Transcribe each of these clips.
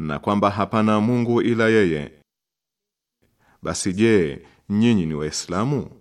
na kwamba hapana Mungu ila yeye. Basi je, nyinyi ni Waislamu?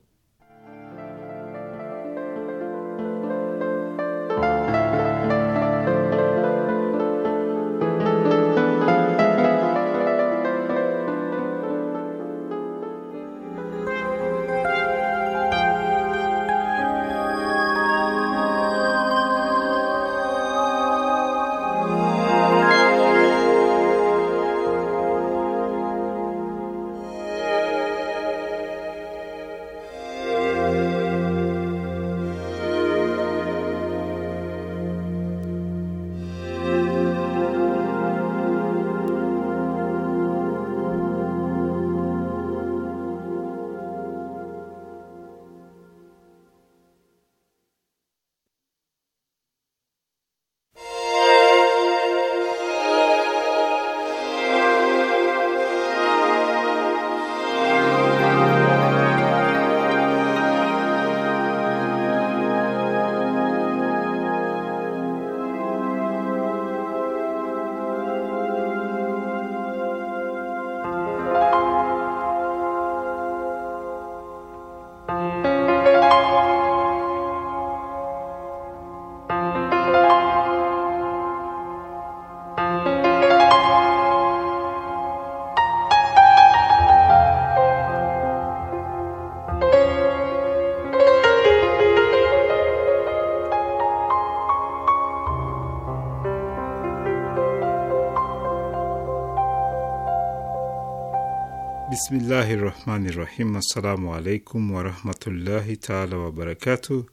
Bismillahi rahmani rahim. Assalamu alaikum warahmatullahi taala wabarakatu.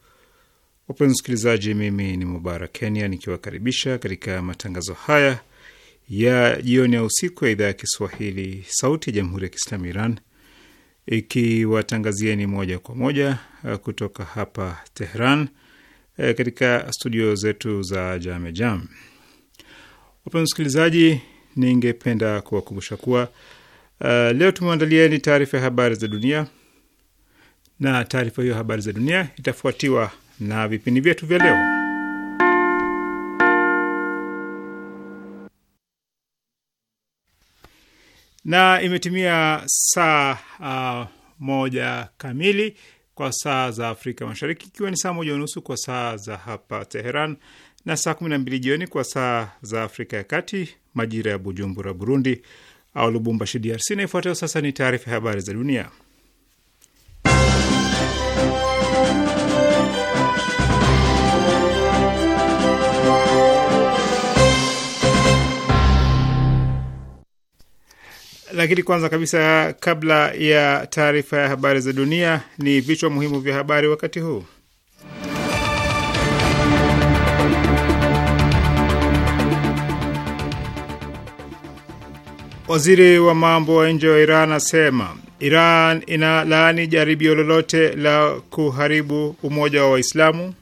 Wapenzi msikilizaji, mimi ni Mubarak Kenya nikiwakaribisha katika matangazo haya ya jioni ya usiku ya idhaa ya Kiswahili sauti ya jamhuri ya Kiislamu Iran ikiwatangazieni moja kwa moja uh, kutoka hapa Tehran uh, katika studio zetu za Jamejam. Wapenzi msikilizaji, ningependa kuwakumbusha kuwa Uh, leo tumeandalieni taarifa ya habari za dunia, na taarifa hiyo habari za dunia itafuatiwa na vipindi vyetu vya leo, na imetimia saa uh, moja kamili kwa saa za Afrika Mashariki, ikiwa ni saa moja unusu kwa saa za hapa Teheran na saa kumi na mbili jioni kwa saa za Afrika ya Kati, majira ya Bujumbura, Burundi au Lubumbashi, DRC. Na ifuatayo sasa ni taarifa ya habari za dunia. Lakini kwanza kabisa, kabla ya taarifa ya habari za dunia, ni vichwa muhimu vya habari wakati huu. Waziri wa mambo ya nje wa Iran asema Iran ina laani jaribio lolote la kuharibu umoja wa Waislamu.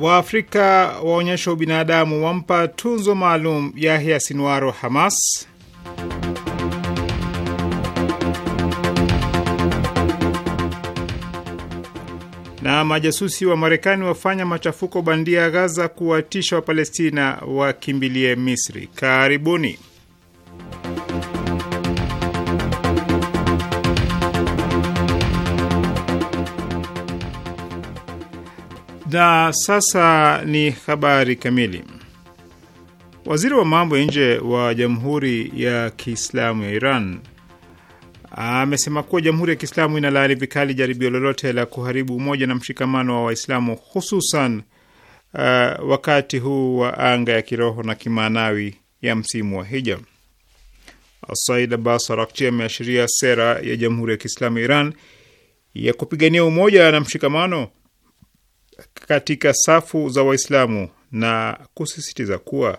Waafrika waonyesha ubinadamu, wampa tunzo maalum Yahya Sinwar wa Hamas. na majasusi wa Marekani wafanya machafuko bandia Gaza kuwatisha Wapalestina wakimbilie Misri. Karibuni. Na sasa ni habari kamili. Waziri wa mambo ya nje wa Jamhuri ya Kiislamu ya Iran amesema kuwa Jamhuri ya Kiislamu inalaani vikali jaribio lolote la kuharibu umoja na mshikamano wa Waislamu, hususan uh, wakati huu wa anga ya kiroho na kimaanawi ya msimu wa Hija. Said Abbas Arakchi ameashiria sera ya Jamhuri ya Kiislamu ya Iran ya kupigania umoja na mshikamano katika safu za Waislamu na kusisitiza kuwa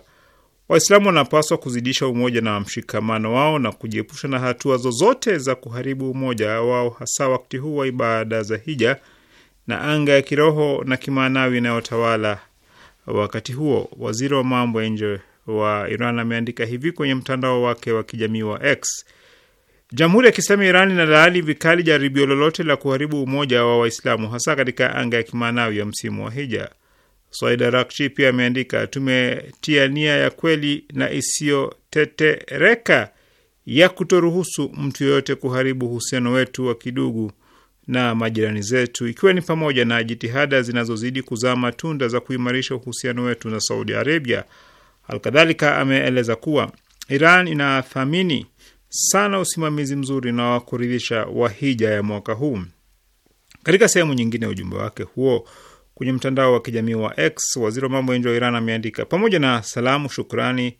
Waislamu wanapaswa kuzidisha umoja na mshikamano wao na kujiepusha na hatua zozote za kuharibu umoja wao, hasa wakati huu wa ibada za hija na anga ya kiroho na kimaanawi inayotawala wakati huo. Waziri wa mambo ya nje wa Iran ameandika hivi kwenye mtandao wake wa kijamii wa X: Jamhuri ya Kiislamu ya Iran inalaali vikali jaribio lolote la kuharibu umoja wa Waislamu, hasa katika anga ya kimaanawi ya msimu wa hija. Said Arakchi pia ameandika, tumetia nia ya kweli na isiyotetereka ya kutoruhusu mtu yoyote kuharibu uhusiano wetu wa kidugu na majirani zetu, ikiwa ni pamoja na jitihada zinazozidi kuzaa matunda za kuimarisha uhusiano wetu na Saudi Arabia. Alkadhalika, ameeleza kuwa Iran inathamini sana usimamizi mzuri na wa kuridhisha wa hija ya mwaka huu. Katika sehemu nyingine ya ujumbe wake huo Kwenye mtandao wa kijamii wa X, waziri wa mambo ya nje wa Iran ameandika, pamoja na salamu, shukrani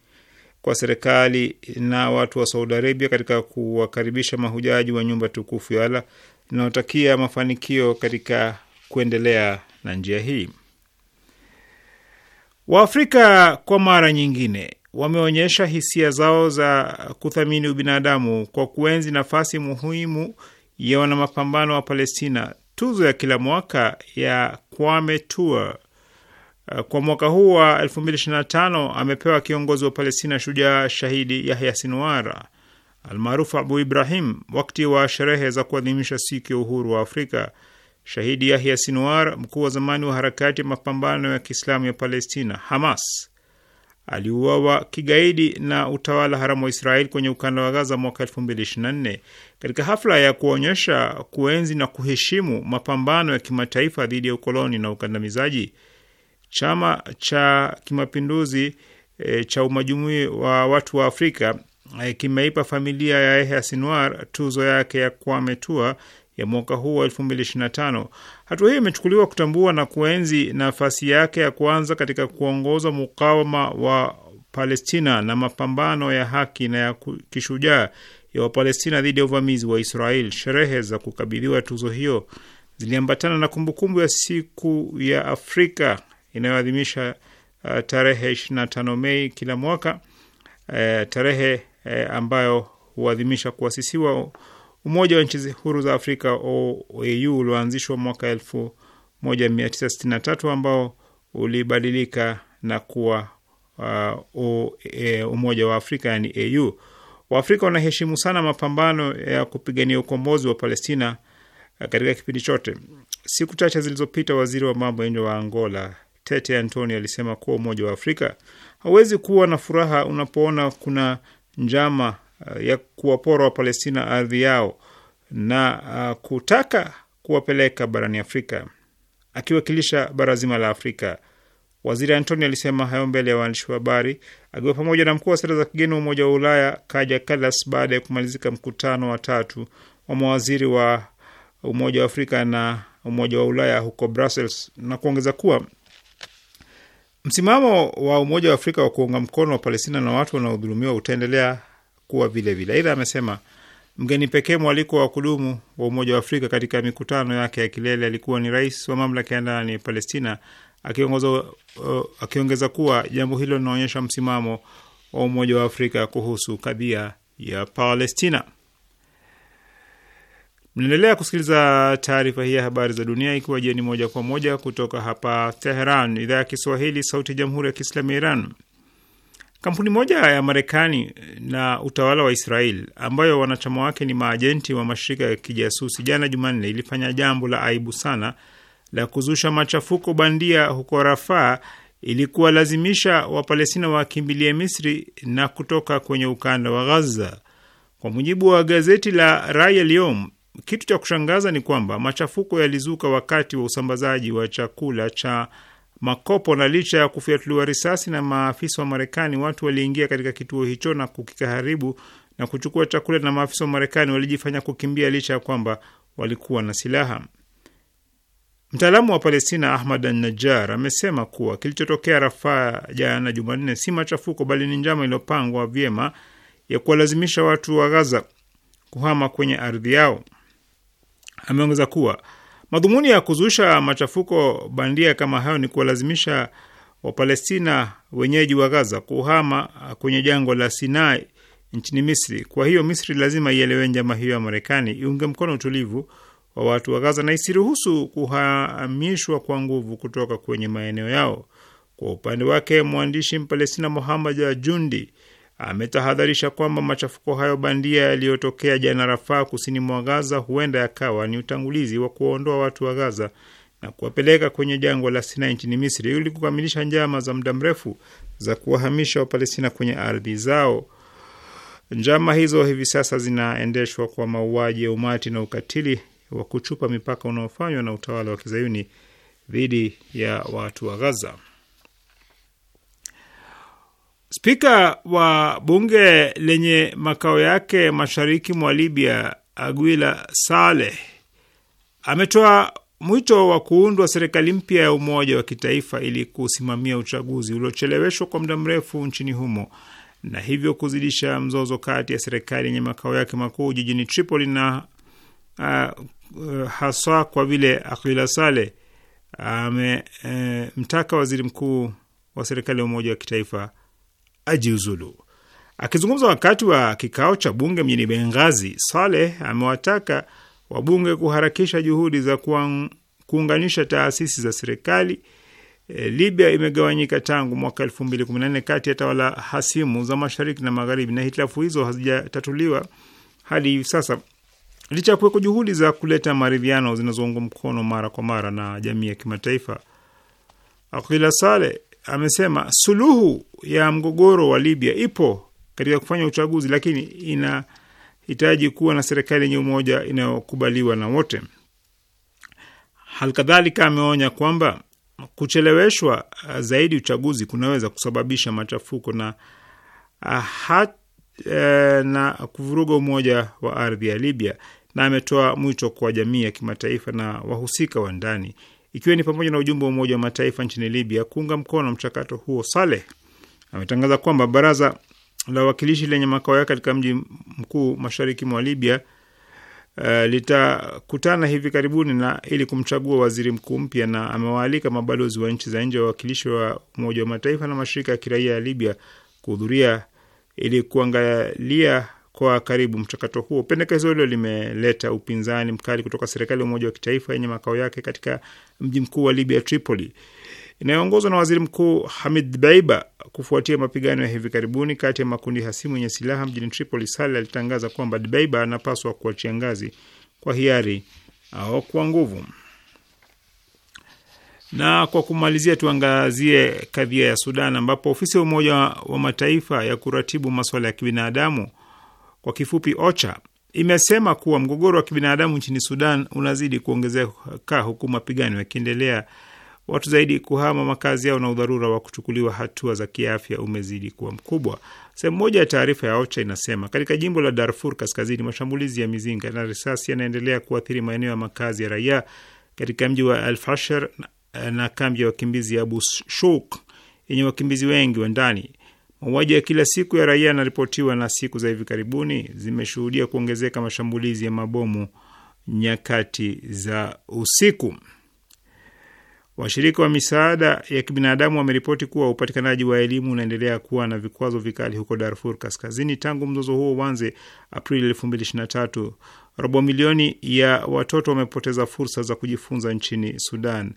kwa serikali na watu wa Saudi Arabia katika kuwakaribisha mahujaji wa nyumba tukufu ya Allah, inaotakia mafanikio katika kuendelea na njia hii. Waafrika kwa mara nyingine wameonyesha hisia zao za kuthamini ubinadamu kwa kuenzi nafasi muhimu ya wanamapambano wa Palestina tuzo ya kila mwaka ya Kwame Ture. Uh, kwa mwaka huu wa 2025 amepewa kiongozi wa Palestina shujaa shahidi Yahya Sinwar almaarufu Abu Ibrahim wakati wa sherehe za kuadhimisha siku ya uhuru wa Afrika. Shahidi Yahya Sinwar, mkuu wa zamani wa harakati ya mapambano ya Kiislamu ya Palestina Hamas, aliuawa kigaidi na utawala haramu wa Israeli kwenye ukanda wa Gaza mwaka 2024 katika hafla ya kuonyesha kuenzi na kuheshimu mapambano ya kimataifa dhidi ya ukoloni na ukandamizaji. Chama cha kimapinduzi e, cha umajumui wa watu wa Afrika e, kimeipa familia ya Yahya Sinwar tuzo yake ya Kwame Tua ya mwaka huu wa 2025. Hatua hii imechukuliwa kutambua na kuenzi nafasi yake ya kwanza katika kuongoza mukawama wa Palestina na mapambano ya haki na ya kishujaa ya Wapalestina dhidi ya uvamizi wa Israel. Sherehe za kukabidhiwa tuzo hiyo ziliambatana na kumbukumbu ya siku ya Afrika inayoadhimisha uh, tarehe 25 Mei kila mwaka uh, tarehe uh, ambayo huadhimisha kuasisiwa Umoja wa nchi huru za Afrika OAU ulioanzishwa mwaka 1963 ambao ulibadilika na kuwa uh, Umoja wa Afrika yani AU. Waafrika wanaheshimu sana mapambano ya kupigania ukombozi wa Palestina uh, katika kipindi chote. Siku chache zilizopita, waziri wa mambo ya nje wa Angola Tete Antoni alisema kuwa Umoja wa Afrika hauwezi kuwa na furaha unapoona kuna njama Uh, ya kuwapora Wapalestina ardhi yao na uh, kutaka kuwapeleka barani Afrika. Akiwakilisha bara zima la Afrika, waziri Antoni alisema hayo mbele ya waandishi wa habari akiwa pamoja na mkuu wa sera za kigeni wa Umoja wa Ulaya Kaja Kallas baada ya kumalizika mkutano wa tatu wa mawaziri wa Umoja wa Afrika na Umoja wa Ulaya huko Brussels, na kuongeza kuwa msimamo wa Umoja wa Afrika wa kuunga mkono wa Palestina na watu wanaodhulumiwa utaendelea vile vile. Aidha amesema mgeni pekee mwaliko wa kudumu wa Umoja wa Afrika katika mikutano yake ya kilele alikuwa ni rais wa mamlaka ya ndani Palestina, uh, akiongeza uh, kuwa jambo hilo linaonyesha msimamo wa Umoja wa Afrika kuhusu kadhia ya Palestina. Mnaendelea kusikiliza taarifa hii ya habari za dunia ikiwa jioni moja kwa moja kutoka hapa Teheran, idhaa ya Kiswahili, sauti ya jamhuri ya kiislamu ya Iran. Kampuni moja ya Marekani eh, na utawala wa Israel ambayo wanachama wake ni maajenti wa mashirika ya kijasusi, jana Jumanne ilifanya jambo la aibu sana la kuzusha machafuko bandia huko Rafaa ili kuwalazimisha Wapalestina wakimbilie Misri na kutoka kwenye ukanda wa Gaza. Kwa mujibu wa gazeti la Raya kitu cha kushangaza ni kwamba machafuko yalizuka wakati wa usambazaji wa chakula cha makopo, na licha ya kufyatuliwa risasi na maafisa wa Marekani, watu waliingia katika kituo hicho na kukikaharibu na kuchukua chakula, na maafisa wa Marekani walijifanya kukimbia licha ya kwamba walikuwa na silaha. Mtaalamu wa Palestina Ahmad Najar amesema kuwa kilichotokea Rafaa jana Jumanne si machafuko bali ni njama iliyopangwa vyema ya kuwalazimisha watu wa Gaza kuhama kwenye ardhi yao. Ameongeza kuwa Madhumuni ya kuzusha machafuko bandia kama hayo ni kuwalazimisha Wapalestina wenyeji wa Gaza kuhama kwenye jangwa la Sinai nchini Misri. Kwa hiyo Misri lazima ielewe njama hiyo ya Marekani, iunge mkono utulivu wa watu wa Gaza na isiruhusu kuhamishwa kwa nguvu kutoka kwenye maeneo yao. Kwa upande wake, mwandishi Mpalestina Muhammad Ajundi ametahadharisha kwamba machafuko hayo bandia yaliyotokea jana Rafaa, kusini mwa Gaza, huenda yakawa ni utangulizi wa kuwaondoa watu wa Gaza na kuwapeleka kwenye jangwa la Sinai nchini Misri ili kukamilisha njama za muda mrefu za kuwahamisha Wapalestina kwenye ardhi zao. Njama hizo hivi sasa zinaendeshwa kwa mauaji ya umati na ukatili wa kuchupa mipaka unaofanywa na utawala wa kizayuni dhidi ya watu wa Gaza. Spika wa bunge lenye makao yake mashariki mwa Libya, Aguila Saleh, ametoa mwito wa kuundwa serikali mpya ya umoja wa kitaifa ili kusimamia uchaguzi uliocheleweshwa kwa muda mrefu nchini humo na hivyo kuzidisha mzozo kati ya serikali yenye makao yake makuu jijini Tripoli na uh, uh, haswa kwa vile Aguila Saleh amemtaka eh, uh, uh, waziri mkuu wa serikali ya umoja wa kitaifa ajiuzulu. Akizungumza wakati wa kikao cha bunge mjini Benghazi, Saleh amewataka wabunge kuharakisha juhudi za kuunganisha taasisi za serikali. E, Libya imegawanyika tangu mwaka 2014 kati ya tawala hasimu za mashariki na magharibi, na hitilafu hizo hazijatatuliwa hadi hivi sasa licha ya kuweko juhudi za kuleta maridhiano zinazoungwa mkono mara kwa mara na jamii ya kimataifa. Akila Saleh amesema suluhu ya mgogoro wa Libya ipo katika kufanya uchaguzi, lakini inahitaji kuwa na serikali yenye umoja inayokubaliwa na wote. Halikadhalika ameonya kwamba kucheleweshwa uh, zaidi uchaguzi kunaweza kusababisha machafuko na uh, hat, e, na kuvuruga umoja wa ardhi ya Libya, na ametoa mwito kwa jamii ya kimataifa na wahusika wa ndani ikiwa ni pamoja na ujumbe wa Umoja wa Mataifa nchini Libya kuunga mkono mchakato huo. Saleh ametangaza kwamba baraza la wawakilishi lenye makao yake katika mji mkuu mashariki mwa Libya uh, litakutana hivi karibuni na ili kumchagua waziri mkuu mpya, na amewaalika mabalozi wa nchi za nje, wawakilishi wa Umoja wa Mataifa na mashirika ya kiraia ya Libya kuhudhuria ili kuangalia kwa karibu mchakato huo. Pendekezo hilo limeleta upinzani mkali kutoka serikali ya Umoja wa Kitaifa yenye makao yake katika mji mkuu wa Libya, Tripoli, inayoongozwa na Waziri Mkuu Hamid Dbeiba. Kufuatia mapigano ya hivi karibuni kati ya makundi hasimu yenye silaha mjini Tripoli, Saleh alitangaza kwamba Dbeiba anapaswa kuachia ngazi kwa hiari au kwa nguvu. Na kwa kumalizia, tuangazie kadhia ya Sudan ambapo ofisi ya Umoja wa Mataifa ya kuratibu masuala ya kibinadamu kwa kifupi OCHA, imesema kuwa mgogoro wa kibinadamu nchini Sudan unazidi kuongezeka huku mapigano yakiendelea, watu zaidi kuhama makazi yao na udharura wa kuchukuliwa hatua za kiafya umezidi kuwa mkubwa. Sehemu moja ya taarifa ya OCHA inasema katika jimbo la Darfur Kaskazini, mashambulizi ya mizinga na risasi yanaendelea kuathiri maeneo ya makazi ya raia katika mji wa Alfashar na kambi ya wakimbizi ya Abu Shouk yenye wakimbizi wengi wa ndani. Mauaji ya kila siku ya raia yanaripotiwa, na siku za hivi karibuni zimeshuhudia kuongezeka mashambulizi ya mabomu nyakati za usiku. Washirika wa misaada ya kibinadamu wameripoti kuwa upatikanaji wa elimu unaendelea kuwa na vikwazo vikali huko Darfur Kaskazini tangu mzozo huo uanze Aprili 2023. Robo milioni ya watoto wamepoteza fursa za kujifunza nchini Sudan.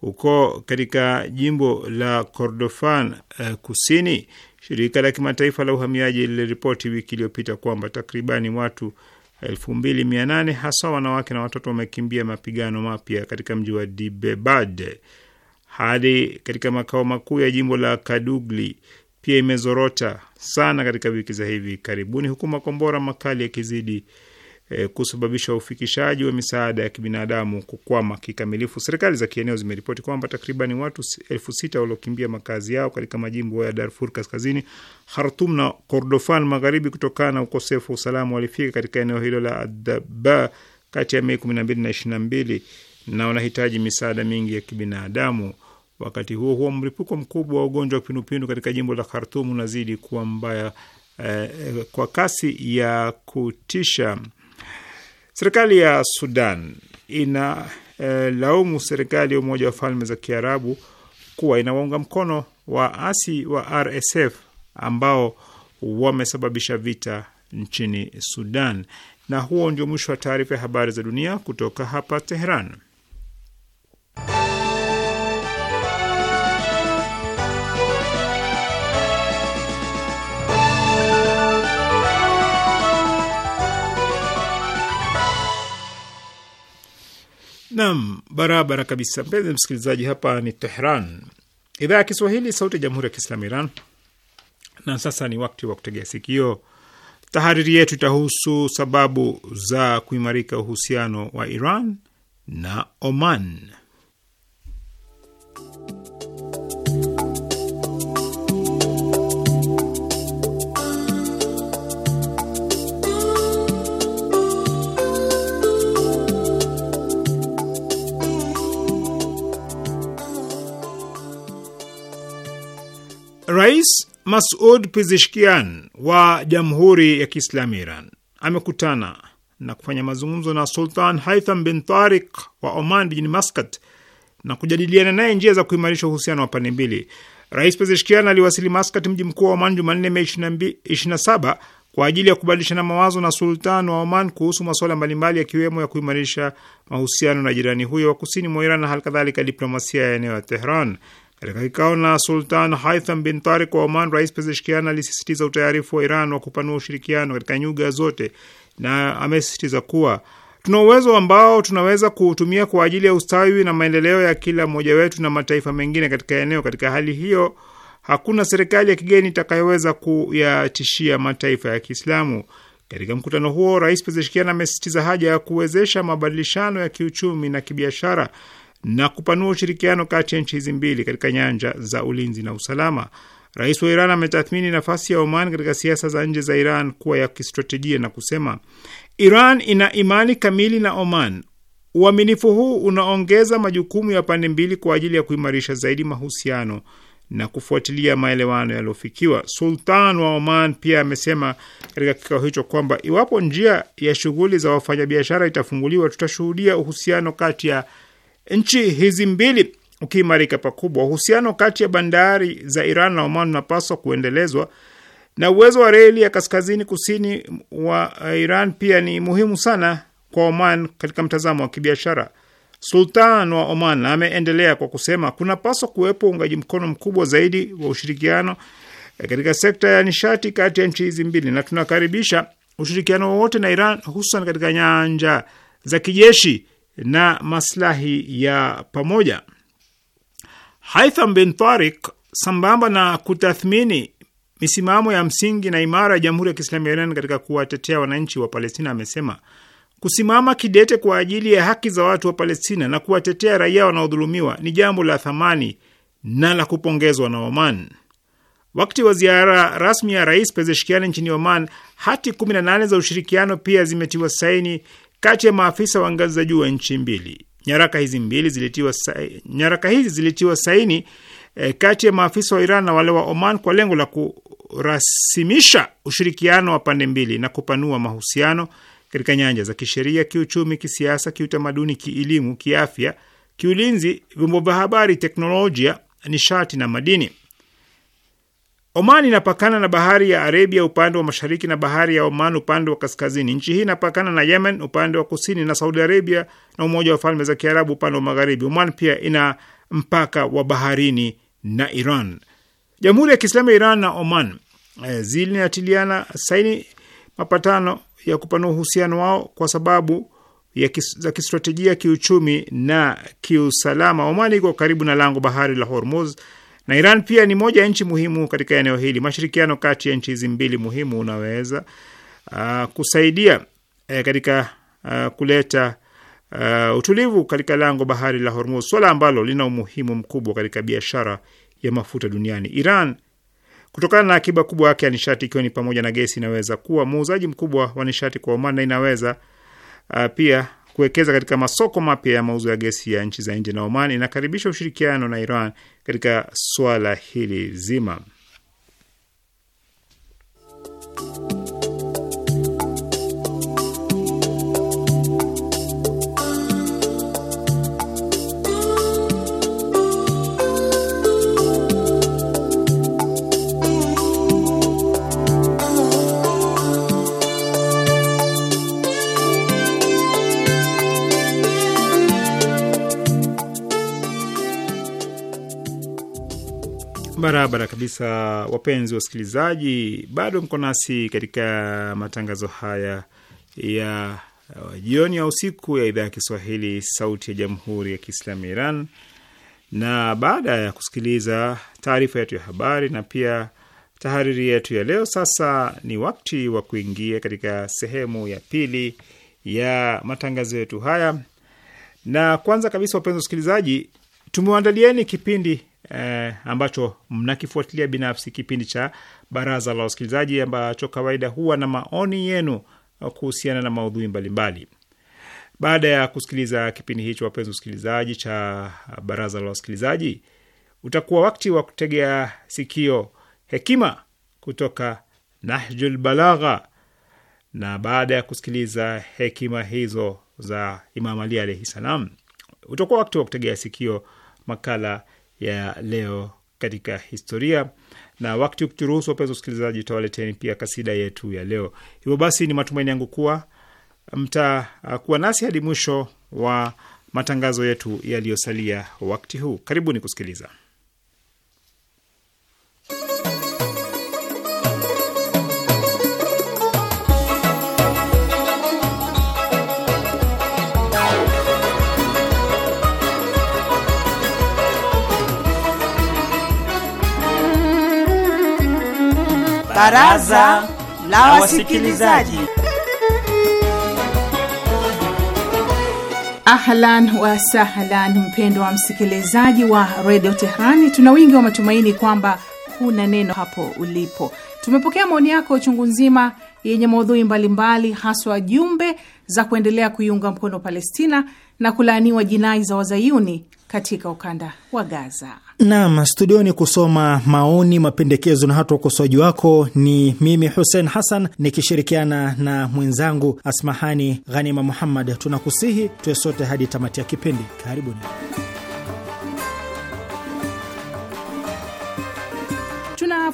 Huko katika jimbo la Kordofan uh, kusini Shirika la kimataifa la uhamiaji liliripoti wiki iliyopita kwamba takribani watu 2800 hasa wanawake na watoto wamekimbia mapigano mapya katika mji wa Dibebad hadi katika makao makuu ya jimbo la Kadugli pia imezorota sana katika wiki za hivi karibuni, huku makombora makali yakizidi e, kusababisha ufikishaji wa misaada ya kibinadamu kukwama kikamilifu. Serikali za kieneo zimeripoti kwamba takriban watu elfu sita waliokimbia makazi yao katika majimbo ya Darfur Kaskazini, Khartum na Kordofan Magharibi kutokana na ukosefu wa usalama walifika katika eneo hilo la Adaba kati ya Mei 12 na 22 na wanahitaji misaada mingi ya kibinadamu. Wakati huo huo, mlipuko mkubwa wa ugonjwa wa kipindupindu katika jimbo la Khartum unazidi kuwa mbaya eh, eh, kwa kasi ya kutisha. Serikali ya Sudan inalaumu eh, e, serikali ya Umoja wa Falme za Kiarabu kuwa inawaunga mkono waasi wa RSF ambao wamesababisha vita nchini Sudan. Na huo ndio mwisho wa taarifa ya habari za dunia kutoka hapa Teheran. Naam, barabara kabisa, mpenzi msikilizaji, hapa ni Tehran, idhaa ya Kiswahili, sauti ya jamhuri ya kiislamu Iran. Na sasa ni wakati wa kutegea sikio. Tahariri yetu itahusu sababu za kuimarika uhusiano wa Iran na Oman. Rais Masud pizishkian wa Jamhuri ya Kiislamu Iran amekutana na kufanya mazungumzo na Sultan Haitham bin Tarik wa Oman jijini Maskat na kujadiliana naye njia za kuimarisha uhusiano wa pande mbili. Rais Pezeshkian aliwasili Maskat, mji mkuu wa Oman, Jumanne, Mei 27 kwa ajili ya kubadilishana mawazo na sultan wa Oman kuhusu masuala mbalimbali yakiwemo ya kuimarisha mahusiano na jirani huyo wa kusini mwa Iran na halikadhalika diplomasia ya eneo ya Tehran. Katika kikao na Sultan Haitham bin Tariq wa Oman, Rais Pezeshkian alisisitiza utayarifu wa Iran wa kupanua ushirikiano katika nyuga zote na amesisitiza kuwa tuna uwezo ambao tunaweza kuutumia kwa ajili ya ustawi na maendeleo ya kila mmoja wetu na mataifa mengine katika eneo. Katika hali hiyo, hakuna serikali ya kigeni itakayoweza kuyatishia mataifa ya Kiislamu. Katika mkutano huo, Rais Pezeshkian amesisitiza haja ya kuwezesha mabadilishano ya kiuchumi na kibiashara na kupanua ushirikiano kati ya nchi hizi mbili katika nyanja za ulinzi na usalama. Rais wa Iran ametathmini nafasi ya Oman katika siasa za nje za Iran kuwa ya kistratejia na kusema, Iran ina imani kamili na Oman. Uaminifu huu unaongeza majukumu ya pande mbili kwa ajili ya kuimarisha zaidi mahusiano na kufuatilia maelewano yaliyofikiwa. Sultan wa Oman pia amesema katika kikao hicho kwamba iwapo njia ya shughuli za wafanyabiashara itafunguliwa, tutashuhudia uhusiano kati ya nchi hizi mbili ukiimarika pakubwa, uhusiano kati ya bandari za Iran na Oman unapaswa kuendelezwa na uwezo wa reli ya kaskazini kusini wa Iran pia ni muhimu sana kwa Oman katika mtazamo wa kibiashara. Sultan wa Oman ameendelea kwa kusema, kunapaswa kuwepo uungaji mkono mkubwa zaidi wa ushirikiano eh, katika sekta ya nishati kati ya nchi hizi mbili, na tunakaribisha ushirikiano wowote na Iran, hususan katika nyanja za kijeshi na maslahi ya pamoja. Haitham bin Tariq, sambamba na kutathmini misimamo ya msingi na imara ya Jamhuri ya Kiislamu ya Iran katika kuwatetea wananchi wa Palestina, amesema kusimama kidete kwa ajili ya haki za watu wa Palestina na kuwatetea raia wanaodhulumiwa ni jambo la thamani na la kupongezwa na Oman. Wakati wa ziara rasmi ya Rais Pezeshkian nchini Oman, hati 18 za ushirikiano pia zimetiwa saini kati ya maafisa wa ngazi za juu wa nchi mbili. Nyaraka hizi mbili zilitiwa saini, nyaraka hizi zilitiwa saini eh, kati ya maafisa wa Iran na wale wa Oman kwa lengo la kurasimisha ushirikiano wa pande mbili na kupanua mahusiano katika nyanja za kisheria, kiuchumi, kisiasa, kiutamaduni, kielimu, kiafya, kiulinzi, vyombo vya habari, teknolojia, nishati na madini. Oman inapakana na bahari ya Arabia upande wa mashariki na bahari ya Oman upande wa kaskazini. Nchi hii inapakana na Yemen upande wa kusini na Saudi Arabia na Umoja wa Falme za Kiarabu upande wa magharibi. Oman pia ina mpaka wa baharini na Iran. Jamhuri ya Kiislamu ya Iran na Oman eh, zilinatiliana saini mapatano ya kupanua uhusiano wao kwa sababu ya kis, za kistratejia, kiuchumi na kiusalama. Oman iko karibu na lango bahari la Hormuz na Iran pia ni moja ya nchi muhimu katika eneo hili. Mashirikiano kati ya nchi hizi mbili muhimu unaweza uh, kusaidia eh, katika uh, kuleta uh, utulivu katika lango bahari la Hormuz, swala ambalo lina umuhimu mkubwa katika biashara ya mafuta duniani. Iran kutokana na akiba kubwa yake ya nishati ikiwa ni pamoja na gesi inaweza kuwa muuzaji mkubwa wa nishati kwa Oman na inaweza uh, pia kuwekeza katika masoko mapya ya mauzo ya gesi ya nchi za nje na Oman inakaribisha ushirikiano na Iran katika swala hili zima. kabisa, wapenzi wasikilizaji, bado mko nasi katika matangazo haya ya uh, jioni ya usiku ya idhaa ya Kiswahili sauti ya jamhuri ya Kiislamu ya Iran. Na baada ya kusikiliza taarifa yetu ya habari na pia tahariri yetu ya leo, sasa ni wakati wa kuingia katika sehemu ya pili ya matangazo yetu haya. Na kwanza kabisa, wapenzi wasikilizaji, tumewaandalieni kipindi eh, ambacho mnakifuatilia binafsi, kipindi cha Baraza la Wasikilizaji ambacho kawaida huwa na maoni yenu kuhusiana na maudhui mbalimbali Baada ya kusikiliza kipindi hicho, wapenzi usikilizaji, cha Baraza la Wasikilizaji, utakuwa wakati wa kutegea sikio hekima kutoka Nahjul Balagha. Na baada ya kusikiliza hekima hizo za Imam Ali alaihi salam, utakuwa wakati wa kutegea sikio makala ya leo katika historia. Na wakati ukituruhusu, wapenzi wasikilizaji, utawaleteni pia kasida yetu ya leo. Hivyo basi, ni matumaini yangu kuwa mtakuwa nasi hadi mwisho wa matangazo yetu yaliyosalia wakati huu. Karibuni kusikiliza. Baraza la Wasikilizaji. Ahlan wa sahlan, mpendo wa msikilizaji wa redio tehrani tuna wingi wa matumaini kwamba huna neno hapo ulipo. Tumepokea maoni yako chungu nzima yenye maudhui mbalimbali, haswa jumbe za kuendelea kuiunga mkono Palestina na kulaaniwa jinai za Wazayuni katika ukanda wa Gaza. Naam, studioni kusoma maoni, mapendekezo na hata ukosoaji wako ni mimi Hussein Hassan nikishirikiana na mwenzangu Asmahani Ghanima Muhammad. Tunakusihi tuwe sote hadi tamati ya kipindi. Karibuni.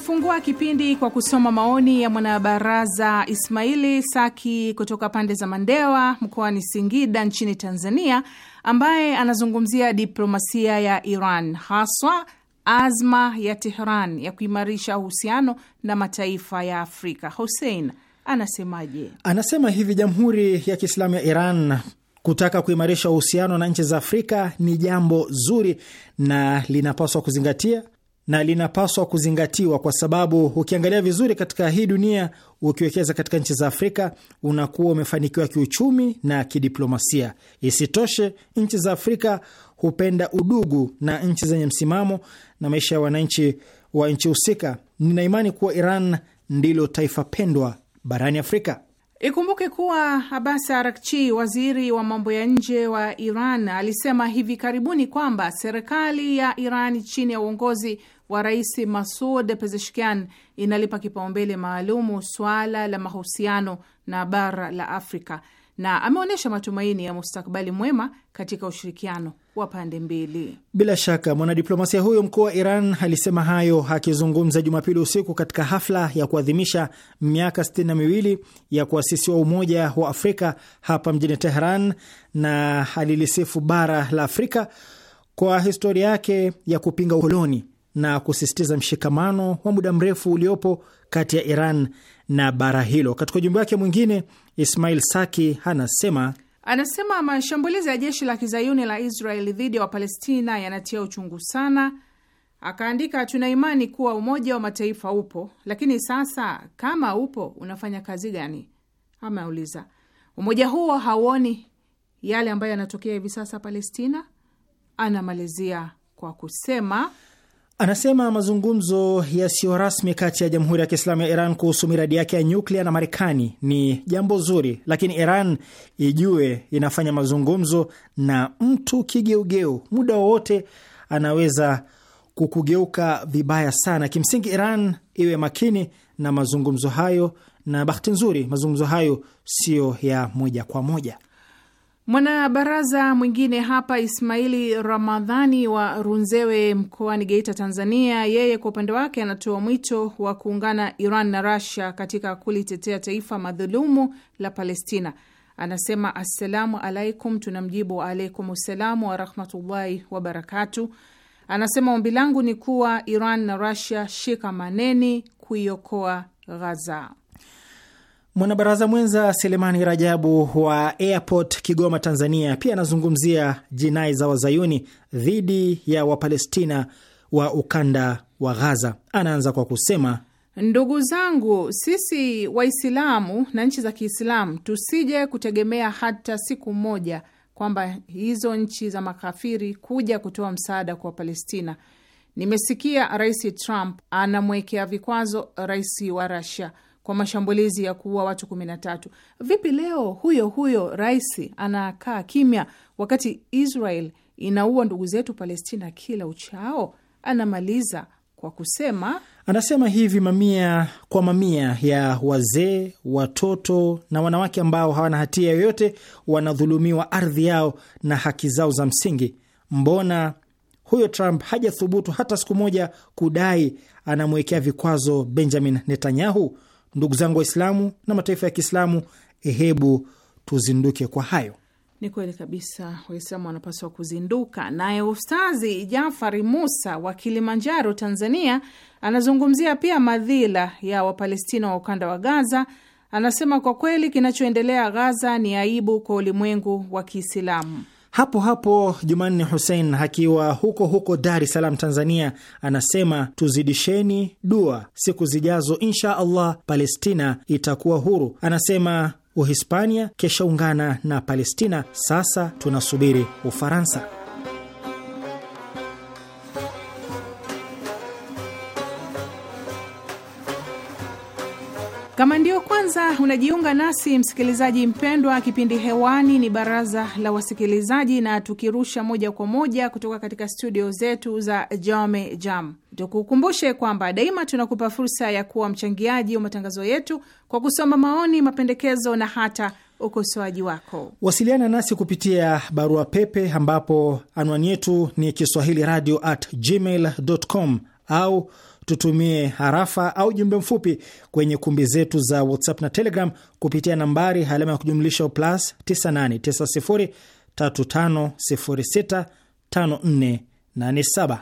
Tunafungua kipindi kwa kusoma maoni ya mwanabaraza Ismaili Saki kutoka pande za Mandewa mkoani Singida nchini Tanzania, ambaye anazungumzia diplomasia ya Iran haswa azma ya Tehran ya kuimarisha uhusiano na mataifa ya Afrika. Hussein anasemaje? Anasema hivi, Jamhuri ya Kiislamu ya Iran kutaka kuimarisha uhusiano na nchi za Afrika ni jambo zuri na linapaswa kuzingatia na linapaswa kuzingatiwa kwa sababu ukiangalia vizuri katika hii dunia, ukiwekeza katika nchi za Afrika unakuwa umefanikiwa kiuchumi na kidiplomasia. Isitoshe, nchi za Afrika hupenda udugu na nchi zenye msimamo na maisha ya wananchi wa nchi husika. ninaimani kuwa Iran ndilo taifa pendwa barani Afrika. Ikumbuke kuwa Abbas Arakchi, waziri wa mambo ya nje wa Iran, alisema hivi karibuni kwamba serikali ya Iran chini ya uongozi wa Rais Masud Pezeshkian inalipa kipaumbele maalumu suala la mahusiano na bara la Afrika na ameonyesha matumaini ya mustakabali mwema katika ushirikiano wa pande mbili. Bila shaka mwanadiplomasia huyo mkuu wa Iran alisema hayo akizungumza Jumapili usiku katika hafla ya kuadhimisha miaka sitini na miwili ya kuasisiwa Umoja wa Afrika hapa mjini Teheran, na alilisifu bara la Afrika kwa historia yake ya kupinga ukoloni na kusisitiza mshikamano wa muda mrefu uliopo kati ya Iran na bara hilo. Katika ujumbe wake mwingine, Ismail Saki anasema Anasema mashambulizi ya jeshi la kizayuni la Israel dhidi ya Wapalestina yanatia uchungu sana. Akaandika, tuna imani kuwa Umoja wa Mataifa upo, lakini sasa kama upo unafanya kazi gani? Ameuliza, umoja huo hauoni yale ambayo yanatokea hivi sasa Palestina? Anamalizia kwa kusema Anasema mazungumzo yasiyo rasmi kati ya Jamhuri ya Kiislamu ya Iran kuhusu miradi yake ya nyuklia na Marekani ni jambo zuri, lakini Iran ijue inafanya mazungumzo na mtu kigeugeu, muda wowote anaweza kukugeuka vibaya sana. Kimsingi, Iran iwe makini na mazungumzo hayo, na bahati nzuri mazungumzo hayo siyo ya moja kwa moja. Mwanabaraza mwingine hapa Ismaili Ramadhani wa Runzewe mkoani Geita, Tanzania, yeye kwa upande wake anatoa mwito wa kuungana Iran na Rasia katika kulitetea taifa madhulumu la Palestina. Anasema, assalamu alaikum. Tuna mjibu wa alaikum ssalamu warahmatullahi wabarakatu. Anasema, ombi langu ni kuwa Iran na Russia maneni kuiokoa Ghaza. Mwanabaraza mwenza Selemani Rajabu wa Airport Kigoma, Tanzania, pia anazungumzia jinai za wazayuni dhidi ya Wapalestina wa ukanda wa Ghaza. Anaanza kwa kusema Ndugu zangu, sisi Waislamu na nchi za Kiislamu tusije kutegemea hata siku moja kwamba hizo nchi za makafiri kuja kutoa msaada kwa Palestina. Nimesikia Rais Trump anamwekea vikwazo rais wa rasia kwa mashambulizi ya kuua watu kumi na tatu. Vipi leo huyo huyo rais anakaa kimya wakati Israel inaua ndugu zetu Palestina kila uchao? Anamaliza kwa kusema anasema hivi: mamia kwa mamia ya wazee, watoto na wanawake ambao hawana hatia yoyote wanadhulumiwa ardhi yao na haki zao za msingi. Mbona huyo Trump hajathubutu hata siku moja kudai anamwekea vikwazo Benjamin Netanyahu? Ndugu zangu Waislamu na mataifa ya Kiislamu, hebu tuzinduke kwa hayo. Ni kweli kabisa, Waislamu wanapaswa kuzinduka. Naye Ustazi Jafari Musa wa Kilimanjaro, Tanzania, anazungumzia pia madhila ya Wapalestina wa ukanda wa Gaza. Anasema kwa kweli kinachoendelea Gaza ni aibu kwa ulimwengu wa Kiislamu. Hapo hapo Jumanne Hussein akiwa huko huko Dar es Salaam, Tanzania, anasema tuzidisheni dua, siku zijazo insha Allah Palestina itakuwa huru. Anasema Uhispania kesha ungana na Palestina, sasa tunasubiri Ufaransa. Kama ndio kwanza unajiunga nasi, msikilizaji mpendwa, kipindi hewani ni baraza la wasikilizaji, na tukirusha moja kwa moja kutoka katika studio zetu za jome Jam. Tukukumbushe kwamba daima tunakupa fursa ya kuwa mchangiaji wa matangazo yetu kwa kusoma maoni, mapendekezo na hata ukosoaji wako. Wasiliana nasi kupitia barua pepe, ambapo anwani yetu ni kiswahili radio at gmail com au tutumie harafa au jumbe mfupi kwenye kumbi zetu za WhatsApp na Telegram kupitia nambari alama ya kujumlisha plus 989035065487.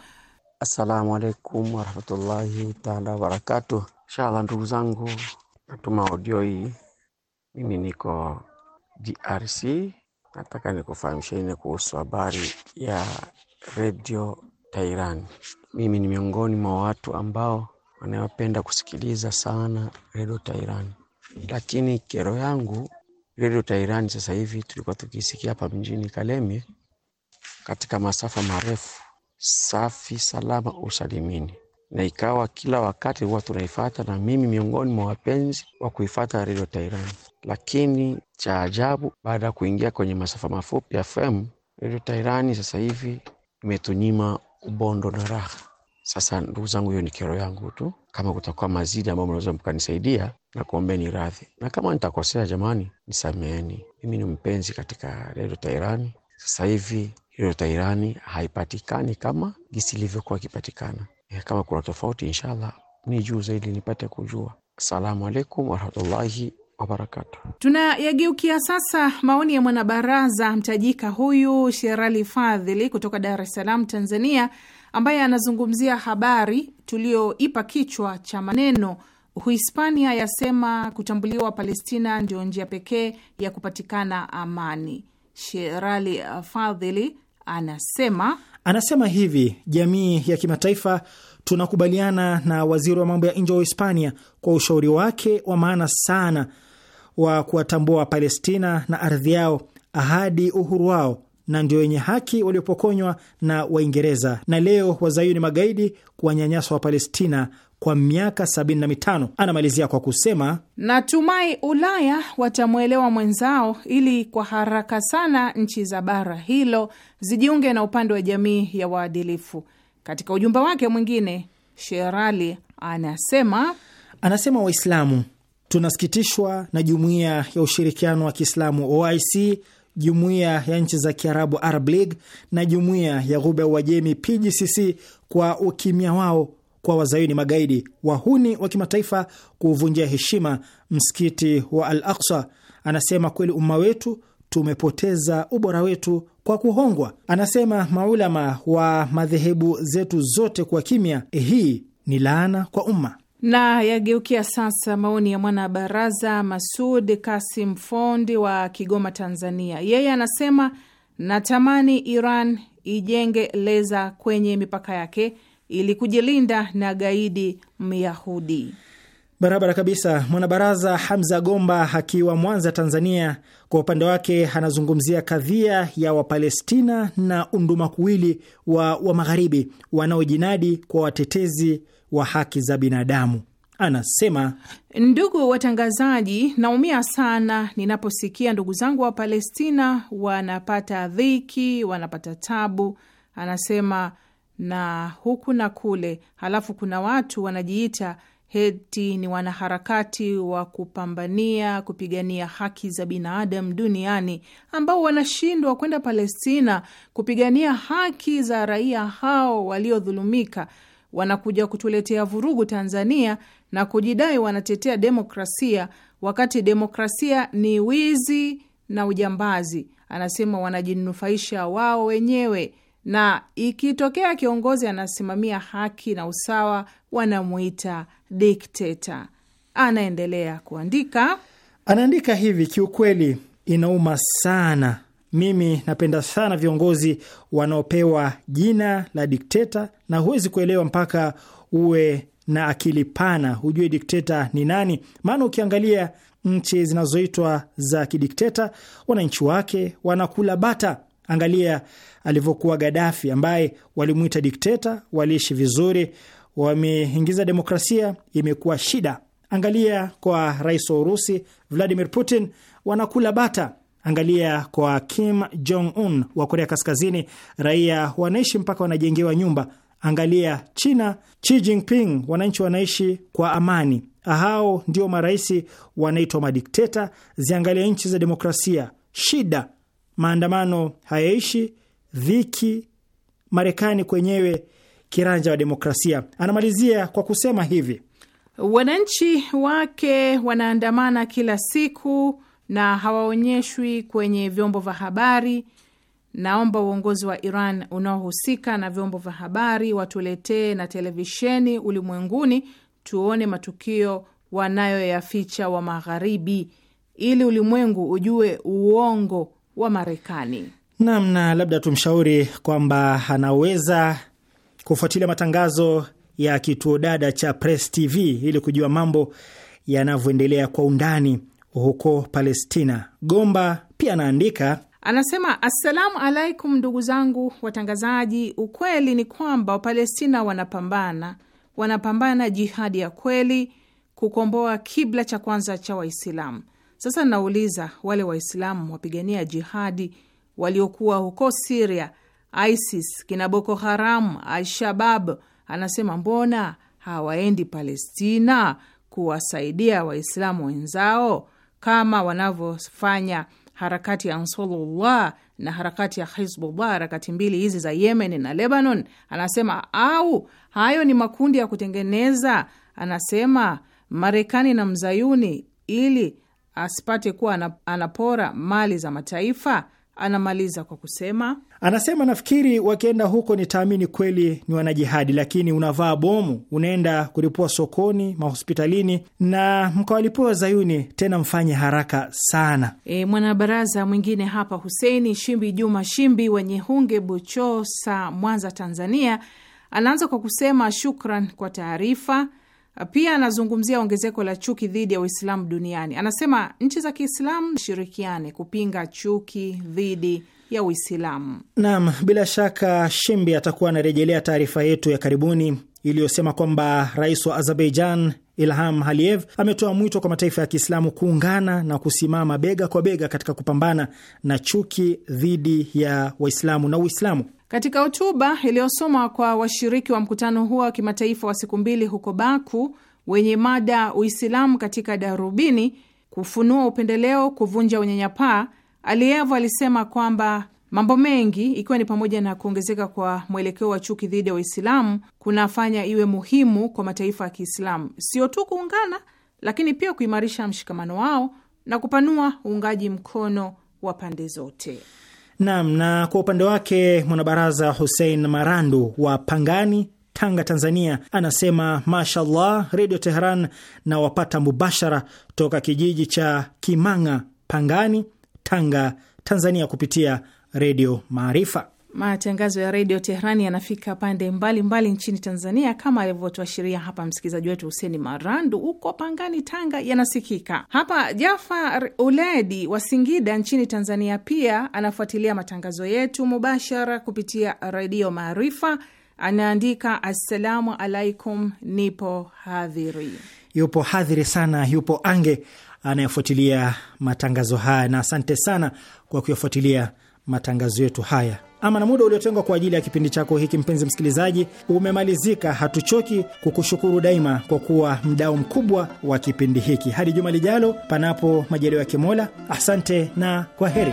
Assalamu alaikum warahmatullahi taala wabarakatu. Inshallah ndugu zangu, natuma audio hii. Mimi niko DRC, nataka nikufahamisheni kuhusu habari ya redio Tairani. Mimi ni miongoni mwa watu ambao wanayopenda kusikiliza sana redio tairan lakini kero yangu redio Tairan sasa hivi tulikuwa tukisikia hapa mjini Kalemi katika masafa marefu, safi salama usalimini, na ikawa kila wakati huwa tunaifata, na mimi miongoni mwa wapenzi wa kuifata redio Tairan. Lakini cha ajabu, baada ya kuingia kwenye masafa mafupi ya FM, redio Tairani sasa hivi imetunyima ubondo na raha. Sasa ndugu zangu, hiyo ni kero yangu tu. Kama kutakuwa mazidi ambayo mnaweza mkanisaidia, na kuombeni radhi, na kama nitakosea, jamani, nisameheni. Mimi ni mpenzi katika redio Tairani. Sasa hivi redio Tairani haipatikani kama gisi ilivyokuwa ikipatikana. E, kama kuna tofauti, inshallah ni juu zaidi nipate kujua. Asalamu alaikum warahmatullahi wabarakatu. Tunayageukia sasa maoni ya mwanabaraza mtajika huyu Sherali Fadhili kutoka Dar es Salaam, Tanzania, ambaye anazungumzia habari tuliyoipa kichwa cha maneno Uhispania yasema kutambuliwa Palestina ndio njia pekee ya kupatikana amani. Sherali Fadhili anasema anasema hivi: jamii ya kimataifa tunakubaliana na waziri wa mambo ya nje wa Uhispania kwa ushauri wake wa maana sana wa kuwatambua Wapalestina na ardhi yao ahadi uhuru wao na ndio wenye haki waliopokonywa na Waingereza na leo wazayuni magaidi kuwanyanyasa Wapalestina kwa miaka 75. Anamalizia kwa kusema, natumai Ulaya watamwelewa mwenzao ili kwa haraka sana nchi za bara hilo zijiunge na upande wa jamii ya waadilifu. Katika ujumbe wake mwingine, Sherali anasema anasema Waislamu Tunasikitishwa na Jumuiya ya Ushirikiano wa Kiislamu OIC, Jumuiya ya Nchi za Kiarabu Arab League na Jumuiya ya Ghuba ya Uajemi PGCC kwa ukimya wao kwa wazayuni magaidi wahuni wa kimataifa kuuvunjia heshima msikiti wa Al aksa Anasema kweli umma wetu tumepoteza ubora wetu kwa kuhongwa. Anasema maulama wa madhehebu zetu zote kwa kimya, hii ni laana kwa umma na yageukia sasa maoni ya mwana baraza Masud Kasim Fondi wa Kigoma, Tanzania. Yeye anasema natamani Iran ijenge leza kwenye mipaka yake ili kujilinda na gaidi Myahudi. Barabara kabisa. Mwanabaraza Hamza Gomba akiwa Mwanza, Tanzania, kwa upande wake anazungumzia kadhia ya Wapalestina na undumakuwili wa wa Magharibi wanaojinadi kwa watetezi wa haki za binadamu. Anasema, ndugu watangazaji, naumia sana ninaposikia ndugu zangu wa Palestina wanapata dhiki, wanapata tabu. Anasema na huku na kule, halafu kuna watu wanajiita heti ni wanaharakati wa kupambania kupigania haki za binadamu duniani ambao wanashindwa kwenda Palestina kupigania haki za raia hao waliodhulumika wanakuja kutuletea vurugu Tanzania na kujidai wanatetea demokrasia, wakati demokrasia ni wizi na ujambazi. Anasema wanajinufaisha wao wenyewe, na ikitokea kiongozi anasimamia haki na usawa wanamuita dikteta. Anaendelea kuandika, anaandika hivi: kiukweli inauma sana mimi napenda sana viongozi wanaopewa jina la dikteta, na huwezi kuelewa mpaka uwe na akili pana, hujue dikteta ni nani. Maana ukiangalia nchi zinazoitwa za kidikteta, wananchi wake wanakula bata. Angalia alivyokuwa Gadafi ambaye walimwita dikteta, waliishi vizuri, wameingiza demokrasia, imekuwa shida. Angalia kwa rais wa Urusi Vladimir Putin, wanakula bata. Angalia kwa Kim Jong Un wa Korea Kaskazini, raia wanaishi mpaka wanajengewa nyumba. Angalia China, Xi Jinping, wananchi wanaishi kwa amani. Hao ndio maraisi wanaitwa madikteta. Ziangalia nchi za demokrasia, shida, maandamano hayaishi, dhiki. Marekani kwenyewe kiranja wa demokrasia. Anamalizia kwa kusema hivi, wananchi wake wanaandamana kila siku na hawaonyeshwi kwenye vyombo vya habari. Naomba uongozi wa Iran unaohusika na vyombo vya habari watuletee na televisheni ulimwenguni, tuone matukio wanayoyaficha wa Magharibi, ili ulimwengu ujue uongo wa Marekani. Naam, na labda tumshauri kwamba anaweza kufuatilia matangazo ya kituo dada cha Press TV ili kujua mambo yanavyoendelea kwa undani huko Palestina. Gomba pia anaandika, anasema assalamu alaikum, ndugu zangu watangazaji. Ukweli ni kwamba Wapalestina wanapambana, wanapambana jihadi ya kweli kukomboa kibla cha kwanza cha Waislamu. Sasa nauliza wale Waislamu wapigania jihadi waliokuwa huko Siria, ISIS, kina Boko Haram, Alshabab, anasema mbona hawaendi Palestina kuwasaidia Waislamu wenzao? kama wanavyofanya harakati ya Ansarullah na harakati ya Hizbullah, harakati mbili hizi za Yemen na Lebanon. Anasema au hayo ni makundi ya kutengeneza, anasema Marekani na mzayuni ili asipate kuwa anapora mali za mataifa Anamaliza kwa kusema, anasema nafikiri wakienda huko nitaamini kweli ni wanajihadi, lakini unavaa bomu, unaenda kulipua sokoni, mahospitalini na mkawalipua zayuni tena mfanye haraka sana. E, mwanabaraza mwingine hapa Huseini Shimbi Juma Shimbi wa Nyehunge, Buchosa, Mwanza, Tanzania, anaanza kwa kusema shukran kwa taarifa pia anazungumzia ongezeko la chuki dhidi ya Uislamu duniani. Anasema nchi za Kiislamu shirikiane kupinga chuki dhidi ya Uislamu. Naam, bila shaka Shimbi atakuwa anarejelea taarifa yetu ya karibuni iliyosema kwamba rais wa Azerbaijan Ilham Aliyev ametoa mwito kwa mataifa ya Kiislamu kuungana na kusimama bega kwa bega katika kupambana na chuki dhidi ya Waislamu na Uislamu. Katika hotuba iliyosomwa kwa washiriki wa mkutano huo wa kimataifa wa siku mbili huko Baku wenye mada Uislamu katika darubini, kufunua upendeleo, kuvunja unyanyapaa, Aliyev alisema kwamba Mambo mengi ikiwa ni pamoja na kuongezeka kwa mwelekeo wa chuki dhidi ya Waislamu kunafanya iwe muhimu kwa mataifa ya Kiislamu sio tu kuungana, lakini pia kuimarisha mshikamano wao na kupanua uungaji mkono wa pande zote. Naam. Na kwa upande wake mwanabaraza Hussein Marandu wa Pangani, Tanga, Tanzania, anasema mashallah, Redio Teheran na wapata mubashara toka kijiji cha Kimanga, Pangani, Tanga, Tanzania, kupitia Redio Maarifa. Matangazo ya Redio Teherani yanafika pande mbalimbali mbali nchini Tanzania, kama alivyotuashiria hapa msikilizaji wetu Huseni Marandu huko Pangani, Tanga, yanasikika hapa. Jafar Uledi wa Singida nchini Tanzania pia anafuatilia matangazo yetu mubashara kupitia Redio Maarifa. Anaandika, assalamu alaikum, nipo hadhiri. Yupo hadhiri sana, yupo ange anayefuatilia matangazo haya, na asante sana kwa kuyafuatilia matangazo yetu haya. Ama na muda uliotengwa kwa ajili ya kipindi chako hiki, mpenzi msikilizaji, umemalizika. Hatuchoki kukushukuru daima kwa kuwa mdau mkubwa wa kipindi hiki. Hadi juma lijalo, panapo majaliwa ya Kimola. Asante na kwa heri.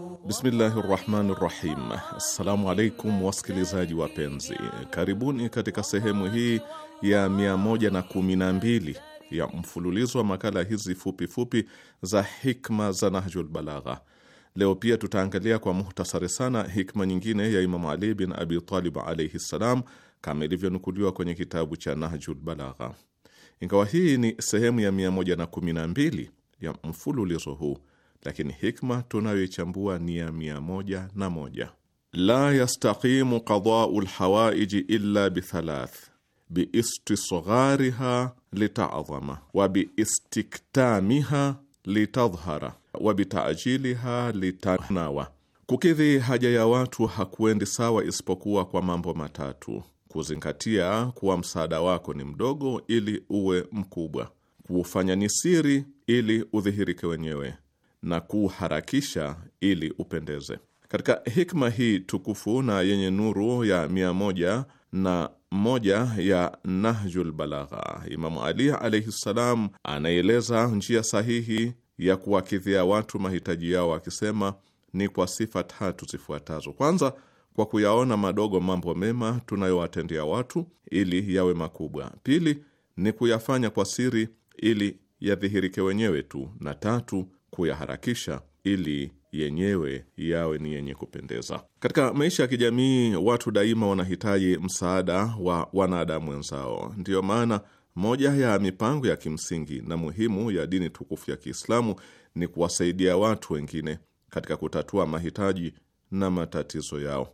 Bismillahi rahmani rahim. Assalamu alaikum wasikilizaji wapenzi, karibuni katika sehemu hii ya 112 ya mfululizo wa makala hizi fupifupi fupi za hikma za Nahjul Balagha. Leo pia tutaangalia kwa muhtasari sana hikma nyingine ya Imamu Ali bin Abi Talib alaihi ssalam, kama ilivyonukuliwa kwenye kitabu cha Nahjul Balagha. Ingawa hii ni sehemu ya 112 ya mfululizo huu lakini hikma tunayoichambua ni ya mia moja na moja. La yastaqimu qadau lhawaiji illa bithalath biistisghariha litadhama wa biistiktamiha litadhhara wa bitaajiliha litanawa. Kukidhi haja ya watu hakuendi sawa isipokuwa kwa mambo matatu: kuzingatia kuwa msaada wako ni mdogo ili uwe mkubwa, kuufanya ni siri ili udhihirike wenyewe na kuuharakisha ili upendeze. Katika hikma hii tukufu na yenye nuru ya mia moja na moja ya Nahjul Balagha, Imamu Ali alaihi ssalam anaeleza njia sahihi ya kuwakidhia watu mahitaji yao akisema ni kwa sifa tatu zifuatazo. Kwanza, kwa kuyaona madogo mambo mema tunayowatendea watu ili yawe makubwa. Pili, ni kuyafanya kwa siri ili yadhihirike wenyewe tu, na tatu kuyaharakisha ili yenyewe yawe ni yenye kupendeza. Katika maisha ya kijamii, watu daima wanahitaji msaada wa wanadamu wenzao. Ndiyo maana moja ya mipango ya kimsingi na muhimu ya dini tukufu ya Kiislamu ni kuwasaidia watu wengine katika kutatua mahitaji na matatizo yao.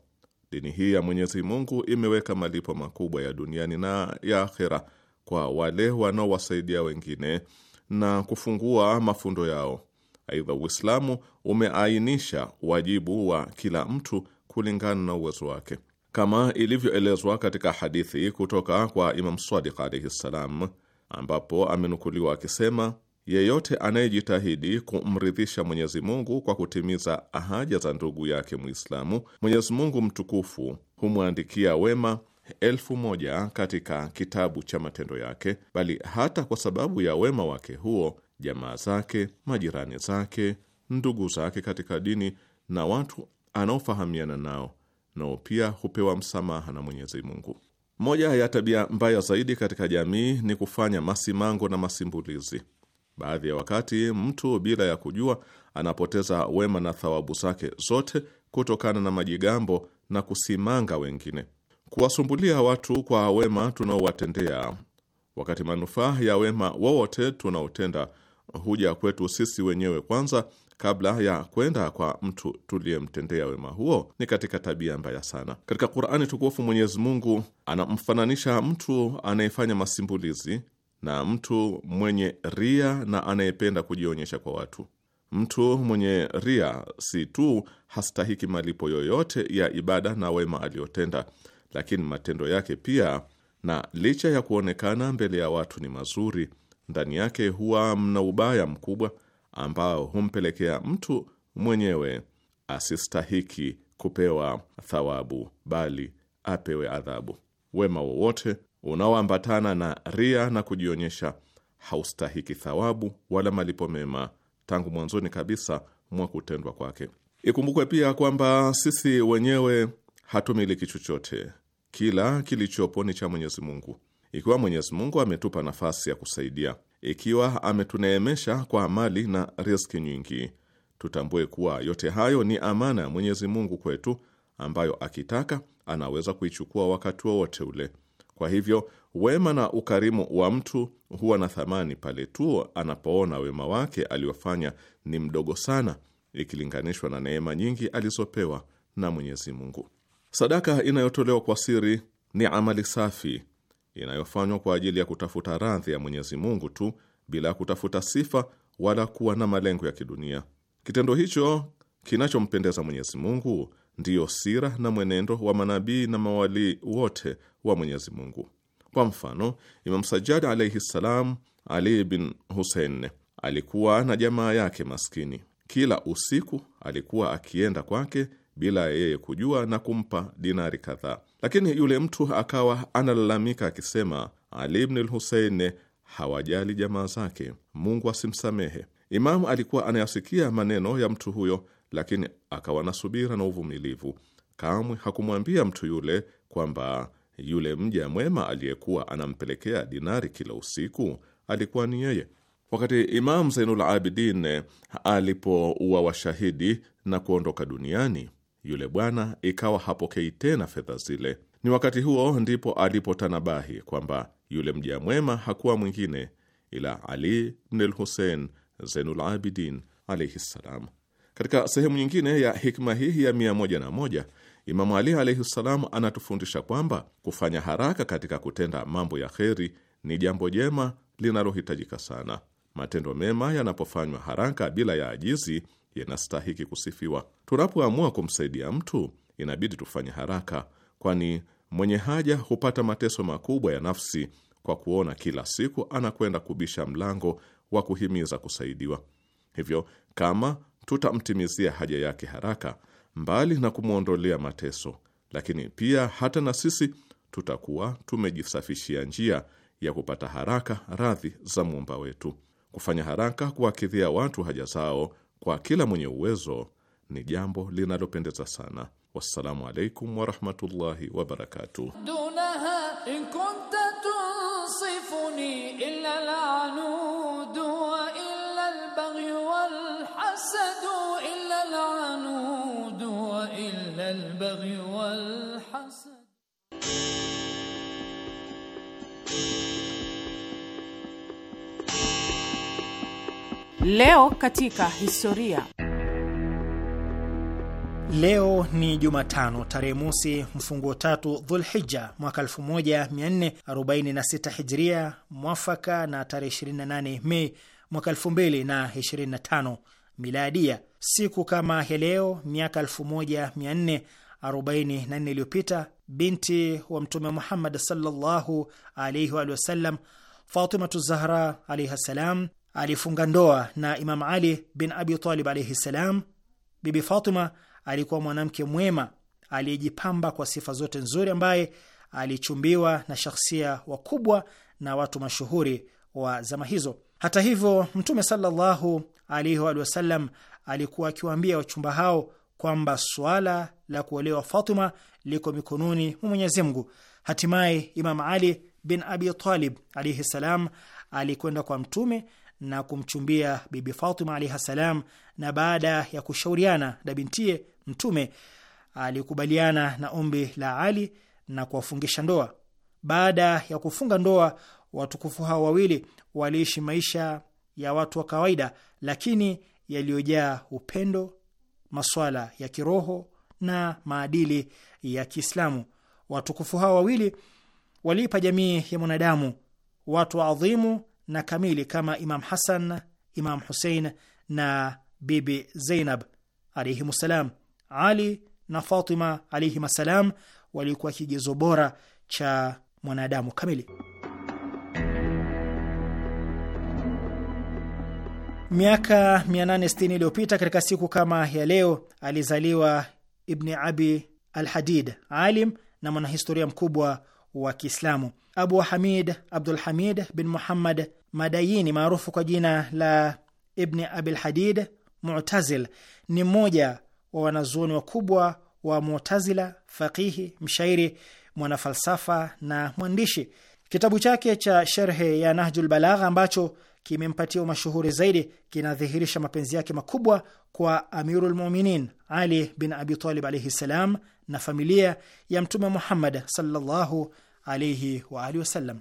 Dini hii ya Mwenyezi Mungu imeweka malipo makubwa ya duniani na ya akhera kwa wale wanaowasaidia wengine na kufungua mafundo yao Aidha, Uislamu umeainisha wajibu wa kila mtu kulingana na uwezo wake, kama ilivyoelezwa katika hadithi kutoka kwa Imam Sadiq alaihi ssalam, ambapo amenukuliwa akisema yeyote anayejitahidi kumridhisha Mwenyezi Mungu kwa kutimiza haja za ndugu yake Muislamu, Mwenyezi Mungu mtukufu humwandikia wema elfu moja katika kitabu cha matendo yake, bali hata kwa sababu ya wema wake huo jamaa zake, majirani zake, ndugu zake katika dini na watu anaofahamiana nao, nao pia hupewa msamaha na Mwenyezi Mungu. Moja ya tabia mbaya zaidi katika jamii ni kufanya masimango na masimbulizi. Baadhi ya wakati mtu bila ya kujua anapoteza wema na thawabu zake zote kutokana na majigambo na kusimanga wengine, kuwasumbulia watu kwa wema tunaowatendea, wakati manufaa ya wema wowote tunaotenda huja kwetu sisi wenyewe kwanza kabla ya kwenda kwa mtu tuliyemtendea wema huo ni katika tabia mbaya sana. Katika Qur'ani tukufu Mwenyezi Mungu anamfananisha mtu anayefanya masimbulizi na mtu mwenye ria na anayependa kujionyesha kwa watu. Mtu mwenye ria si tu hastahiki malipo yoyote ya ibada na wema aliyotenda, lakini matendo yake pia, na licha ya kuonekana mbele ya watu ni mazuri ndani yake huwa mna ubaya mkubwa ambao humpelekea mtu mwenyewe asistahiki kupewa thawabu, bali apewe adhabu. Wema wowote unaoambatana na ria na kujionyesha haustahiki thawabu wala malipo mema tangu mwanzoni kabisa mwa kutendwa kwake. Ikumbukwe pia kwamba sisi wenyewe hatumiliki chochote, kila kilichopo ni cha Mwenyezi Mungu ikiwa Mwenyezi Mungu ametupa nafasi ya kusaidia, ikiwa ametuneemesha kwa mali na riski nyingi, tutambue kuwa yote hayo ni amana ya Mwenyezi Mungu kwetu ambayo akitaka anaweza kuichukua wakati wowote ule. Kwa hivyo wema na ukarimu wa mtu huwa na thamani pale tu anapoona wema wake aliofanya ni mdogo sana ikilinganishwa na neema nyingi alizopewa na Mwenyezi Mungu. Sadaka inayotolewa kwa siri ni amali safi inayofanywa kwa ajili ya kutafuta radhi ya Mwenyezi Mungu tu bila kutafuta sifa wala kuwa na malengo ya kidunia. Kitendo hicho kinachompendeza Mwenyezi Mungu ndiyo sira na mwenendo wa manabii na mawalii wote wa Mwenyezi Mungu. Kwa mfano, Imam Sajjad alayhi salam, Ali bin Hussein alikuwa na jamaa yake maskini. Kila usiku alikuwa akienda kwake bila yeye kujua na kumpa dinari kadhaa. Lakini yule mtu akawa analalamika akisema, Ali ibn al-Husein hawajali jamaa zake, Mungu asimsamehe. Imamu alikuwa anayasikia maneno ya mtu huyo, lakini akawa na subira na uvumilivu. Kamwe hakumwambia mtu yule kwamba yule mja mwema aliyekuwa anampelekea dinari kila usiku alikuwa ni yeye. Wakati imamu Zainul Abidin alipoua washahidi na kuondoka duniani, yule bwana ikawa hapokei tena fedha zile. Ni wakati huo ndipo alipotanabahi kwamba yule mja mwema hakuwa mwingine ila Ali bnel Husein Zainul Abidin alaihi ssalam. Katika sehemu nyingine ya hikma hii ya mia moja na moja Imamu Ali alaihi ssalam anatufundisha kwamba kufanya haraka katika kutenda mambo ya kheri ni jambo jema linalohitajika sana. Matendo mema yanapofanywa haraka bila ya ajizi yanastahiki kusifiwa. Tunapoamua kumsaidia mtu, inabidi tufanye haraka, kwani mwenye haja hupata mateso makubwa ya nafsi kwa kuona kila siku anakwenda kubisha mlango wa kuhimiza kusaidiwa. Hivyo, kama tutamtimizia haja yake haraka, mbali na kumwondolea mateso, lakini pia hata na sisi tutakuwa tumejisafishia njia ya kupata haraka radhi za muumba wetu. Kufanya haraka kuwakidhia watu haja zao kwa kila mwenye uwezo ni jambo linalopendeza sana. Wassalamu alaikum warahmatullahi wabarakatuh. Leo katika historia. Leo ni Jumatano tarehe mosi mfunguo tatu Dhulhija mwaka 1446 Hijria, mwafaka na tarehe 28 Mei mwaka 2025 Miladia. Siku kama ya leo miaka 1444 iliyopita binti wa Mtume Muhammad sallallahu alaihi wa sallam Fatimatu Zahra alaihi salam alifunga ndoa na Imam Ali bin Abi Talib alaihi ssalam. Bibi Fatima alikuwa mwanamke mwema aliyejipamba kwa sifa zote nzuri, ambaye alichumbiwa na shakhsia wakubwa na watu mashuhuri wa zama hizo. Hata hivyo, Mtume sallallahu alaihi wa sallam alikuwa akiwaambia wachumba hao kwamba swala la kuolewa Fatima liko mikononi mwa Mwenyezi Mungu. Hatimaye Imam Ali bin Abi Talib alaihi ssalam alikwenda kwa Mtume na kumchumbia Bibi Fatima alaihi salam, na baada ya kushauriana na bintie Mtume alikubaliana na ombi la Ali na kuwafungisha ndoa. Baada ya kufunga ndoa, watukufu hao wawili waliishi maisha ya watu wa kawaida, lakini yaliyojaa upendo, maswala ya kiroho na maadili ya Kiislamu. Watukufu hao wawili waliipa jamii ya mwanadamu watu adhimu na kamili kama Imam Hasan, Imam Husein na Bibi Zeinab alaihim Ali na Fatima alaihim ssalam walikuwa kigezo bora cha mwanadamu kamili. Miaka 860 iliyopita katika siku kama ya leo alizaliwa Ibni Abi Alhadid, alim na mwanahistoria mkubwa wa Kiislamu. Abu Hamid Abdul Hamid bin Muhammad Madayini, maarufu kwa jina la Ibni Abil Hadid Mutazil, ni mmoja wa wanazuoni wakubwa wa Mutazila, faqihi, mshairi, mwanafalsafa na mwandishi. Kitabu chake cha sherhe ya Nahjul Balagha ambacho kimempatia umashuhuri zaidi kinadhihirisha mapenzi yake makubwa kwa Amirul Muminin Ali bin Abi Talib alaihi salam na familia ya Mtume Muhammad sallallahu alaihi wa alihi wasallam.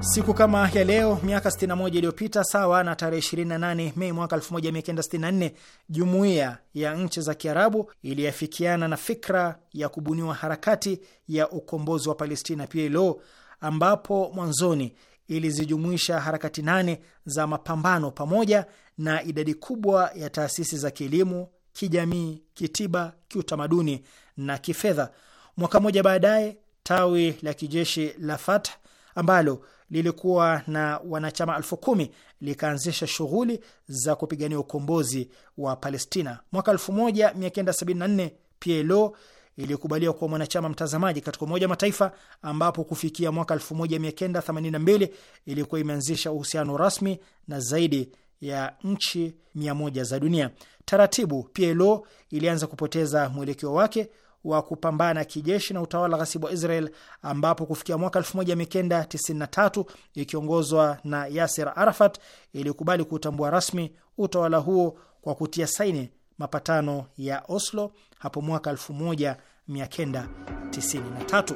Siku kama ya leo miaka 61 iliyopita sawa na tarehe 28 Mei mwaka 1964, jumuiya ya nchi za Kiarabu iliyafikiana na fikra ya kubuniwa harakati ya ukombozi wa Palestina PLO, ambapo mwanzoni ilizijumuisha harakati nane za mapambano pamoja na idadi kubwa ya taasisi za kielimu, kijamii, kitiba, kiutamaduni na kifedha. Mwaka mmoja baadaye, tawi la kijeshi la Fatah ambalo lilikuwa na wanachama elfu kumi likaanzisha shughuli za kupigania ukombozi wa Palestina. Mwaka 1974 PLO ilikubaliwa kuwa mwanachama mtazamaji katika Umoja wa Mataifa, ambapo kufikia mwaka 1982 ilikuwa imeanzisha uhusiano rasmi na zaidi ya nchi 100 za dunia. Taratibu PLO ilianza kupoteza mwelekeo wake wa kupambana kijeshi na utawala ghasibu wa Israel ambapo kufikia mwaka 1993 ikiongozwa na Yasir Arafat ilikubali kuutambua rasmi utawala huo kwa kutia saini mapatano ya Oslo hapo mwaka 1993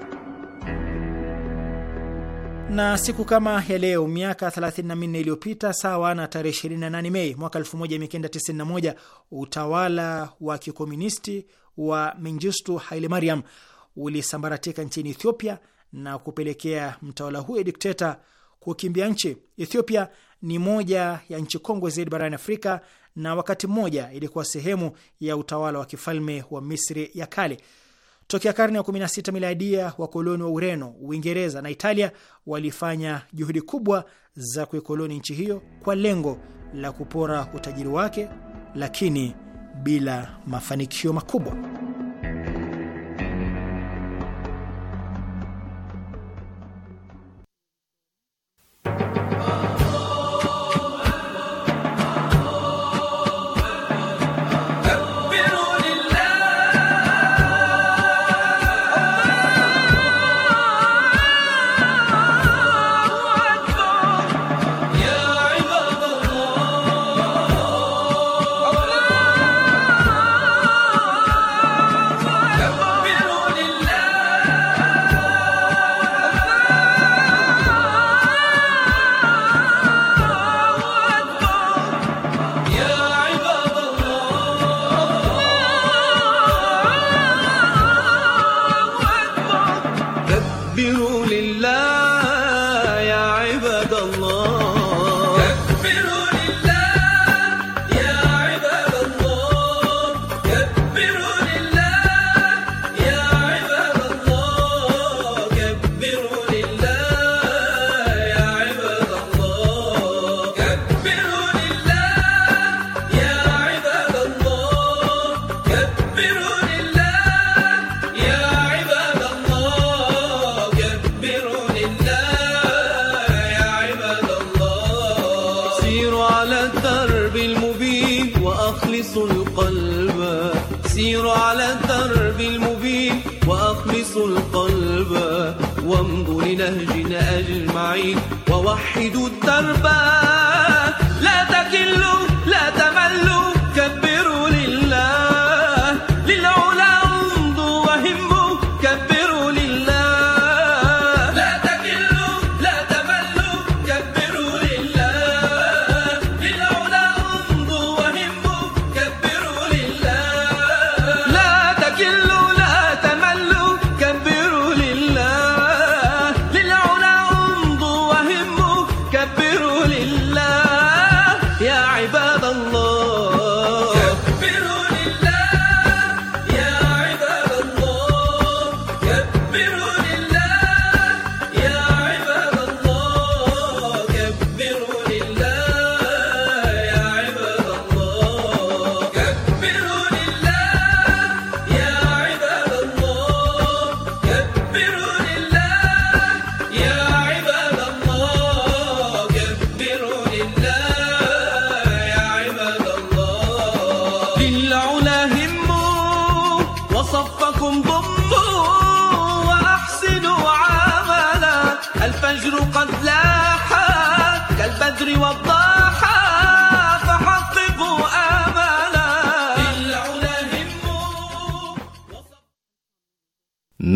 na siku kama ya leo miaka 34 iliyopita sawa na tarehe 28 Mei mwaka 1991 utawala wa kikomunisti wa Mengistu Haile Mariam ulisambaratika nchini Ethiopia na kupelekea mtawala huyo dikteta kukimbia nchi. Ethiopia ni moja ya nchi kongwe zaidi barani Afrika na wakati mmoja ilikuwa sehemu ya utawala wa kifalme wa Misri ya kale. Tokea karne ya 16 miladia, wakoloni wa Ureno, Uingereza na Italia walifanya juhudi kubwa za kuikoloni nchi hiyo kwa lengo la kupora utajiri wake, lakini bila mafanikio makubwa.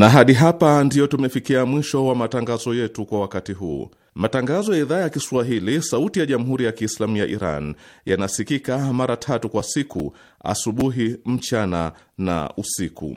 Na hadi hapa ndiyo tumefikia mwisho wa matangazo yetu kwa wakati huu. Matangazo ya idhaa ya Kiswahili sauti ya jamhuri ya Kiislamu ya Iran yanasikika mara tatu kwa siku: asubuhi, mchana na usiku.